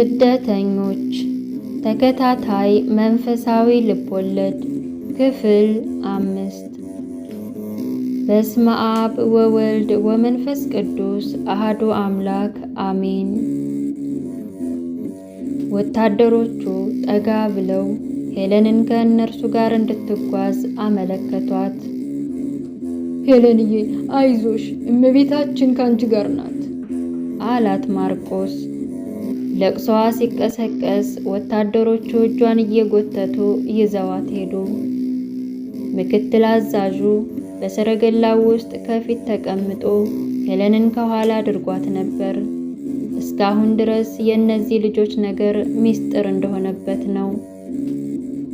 ስደተኞች ተከታታይ መንፈሳዊ ልቦለድ ክፍል አምስት በስመ አብ ወወልድ ወመንፈስ ቅዱስ አህዱ አምላክ አሜን። ወታደሮቹ ጠጋ ብለው ሄለንን ከእነርሱ ጋር እንድትጓዝ አመለከቷት። ሄለንዬ አይዞሽ፣ እመቤታችን ከአንቺ ጋር ናት አላት ማርቆስ ለቅሶዋ ሲቀሰቀስ ወታደሮቹ እጇን እየጎተቱ ይዘዋት ሄዱ። ምክትል አዛዡ በሰረገላው ውስጥ ከፊት ተቀምጦ ሄለንን ከኋላ አድርጓት ነበር። እስካሁን ድረስ የእነዚህ ልጆች ነገር ሚስጥር እንደሆነበት ነው።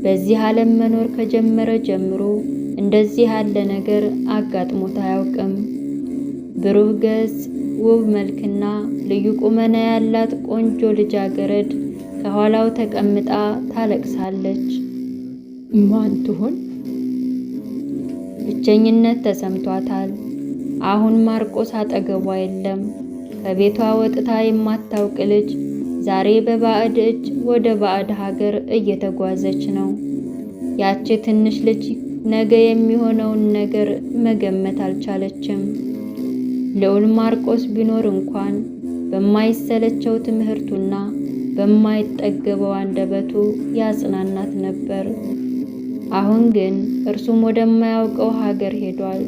በዚህ ዓለም መኖር ከጀመረ ጀምሮ እንደዚህ ያለ ነገር አጋጥሞት አያውቅም። ብሩህ ገጽ ውብ መልክና ልዩ ቁመና ያላት ቆንጆ ልጃገረድ ከኋላው ተቀምጣ ታለቅሳለች። ማን ትሆን? ብቸኝነት ተሰምቷታል። አሁን ማርቆስ አጠገቧ የለም። ከቤቷ ወጥታ የማታውቅ ልጅ ዛሬ በባዕድ እጅ ወደ ባዕድ ሀገር እየተጓዘች ነው። ያቺ ትንሽ ልጅ ነገ የሚሆነውን ነገር መገመት አልቻለችም። ልዑል ማርቆስ ቢኖር እንኳን በማይሰለቸው ትምህርቱና በማይጠገበው አንደበቱ ያጽናናት ነበር። አሁን ግን እርሱም ወደማያውቀው ሀገር ሄዷል፣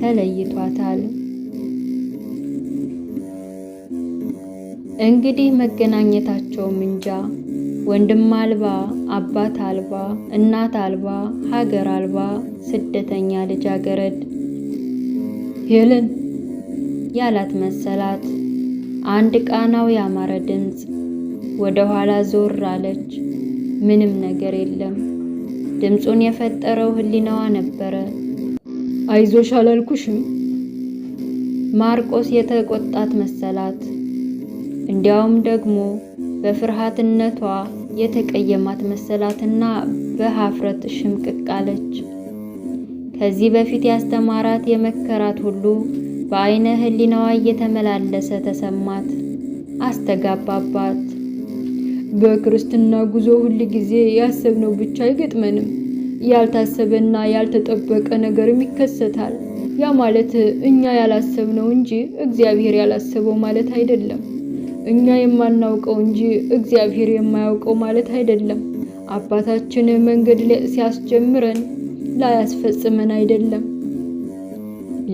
ተለይቷታል። እንግዲህ መገናኘታቸውም እንጃ። ወንድም አልባ፣ አባት አልባ፣ እናት አልባ፣ ሀገር አልባ ስደተኛ ልጃገረድ ሄለን ያላት መሰላት። አንድ ቃናው ያማረ ድምፅ ወደ ኋላ ዞር አለች። ምንም ነገር የለም። ድምፁን የፈጠረው ህሊናዋ ነበረ። አይዞሽ አላልኩሽም? ማርቆስ የተቆጣት መሰላት። እንዲያውም ደግሞ በፍርሃትነቷ የተቀየማት መሰላትና በሀፍረት ሽምቅቅ አለች። ከዚህ በፊት ያስተማራት የመከራት ሁሉ በአይነ ህሊናዋ እየተመላለሰ ተሰማት፣ አስተጋባባት። በክርስትና ጉዞ ሁል ጊዜ ያሰብነው ብቻ አይገጥመንም። ያልታሰበና ያልተጠበቀ ነገርም ይከሰታል። ያ ማለት እኛ ያላሰብነው እንጂ እግዚአብሔር ያላሰበው ማለት አይደለም። እኛ የማናውቀው እንጂ እግዚአብሔር የማያውቀው ማለት አይደለም። አባታችን መንገድ ሲያስጀምረን ላያስፈጽመን አይደለም።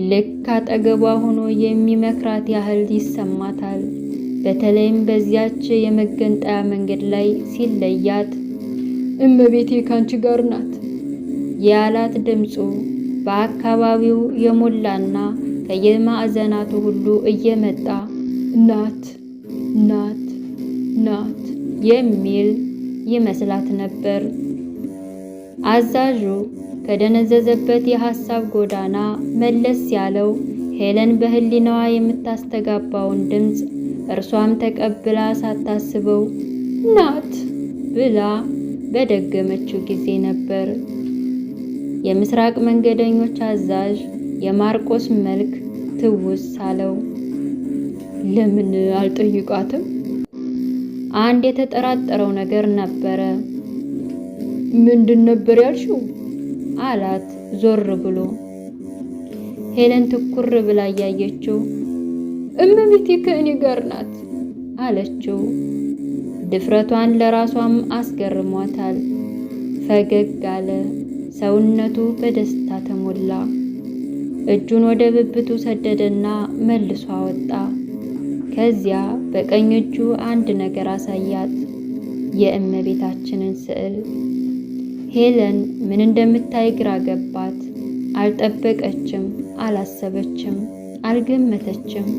ልክ አጠገቧ ሆኖ የሚመክራት ያህል ይሰማታል። በተለይም በዚያች የመገንጠያ መንገድ ላይ ሲለያት እመቤቴ ካንቺ ጋር ናት ያላት ድምፁ በአካባቢው የሞላና ከየማዕዘናቱ ሁሉ እየመጣ ናት ናት ናት የሚል ይመስላት ነበር። አዛዡ ከደነዘዘበት የሐሳብ ጎዳና መለስ ያለው ሄለን በህሊናዋ የምታስተጋባውን ድምፅ እርሷም ተቀብላ ሳታስበው ናት ብላ በደገመችው ጊዜ ነበር የምስራቅ መንገደኞች አዛዥ የማርቆስ መልክ ትውስ አለው። ለምን አልጠይቃትም? አንድ የተጠራጠረው ነገር ነበረ። ምንድን ነበር ያልሽው? አላት ዞር ብሎ። ሄለን ትኩር ብላ እያየችው እመቤቴ ከእኔ ጋር ናት አለችው። ድፍረቷን ለራሷም አስገርሟታል። ፈገግ አለ። ሰውነቱ በደስታ ተሞላ። እጁን ወደ ብብቱ ሰደደና መልሶ አወጣ። ከዚያ በቀኝ እጁ አንድ ነገር አሳያት፣ የእመቤታችንን ስዕል ሄለን ምን እንደምታይ ግራ ገባት። አልጠበቀችም፣ አላሰበችም፣ አልገመተችም።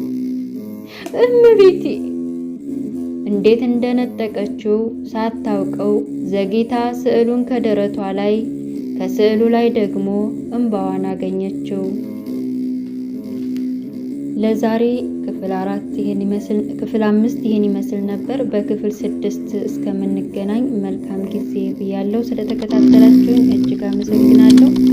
እምቤቴ እንዴት እንደነጠቀችው ሳታውቀው ዘግይታ ስዕሉን ከደረቷ ላይ ከስዕሉ ላይ ደግሞ እንባዋን አገኘችው። ለዛሬ ክፍል አራት ይሄን ይመስል ክፍል አምስት ይሄን ይመስል ነበር። በክፍል ስድስት እስከምንገናኝ መልካም ጊዜ ብያለሁ። ስለተከታተላችሁኝ እጅግ አመሰግናለሁ።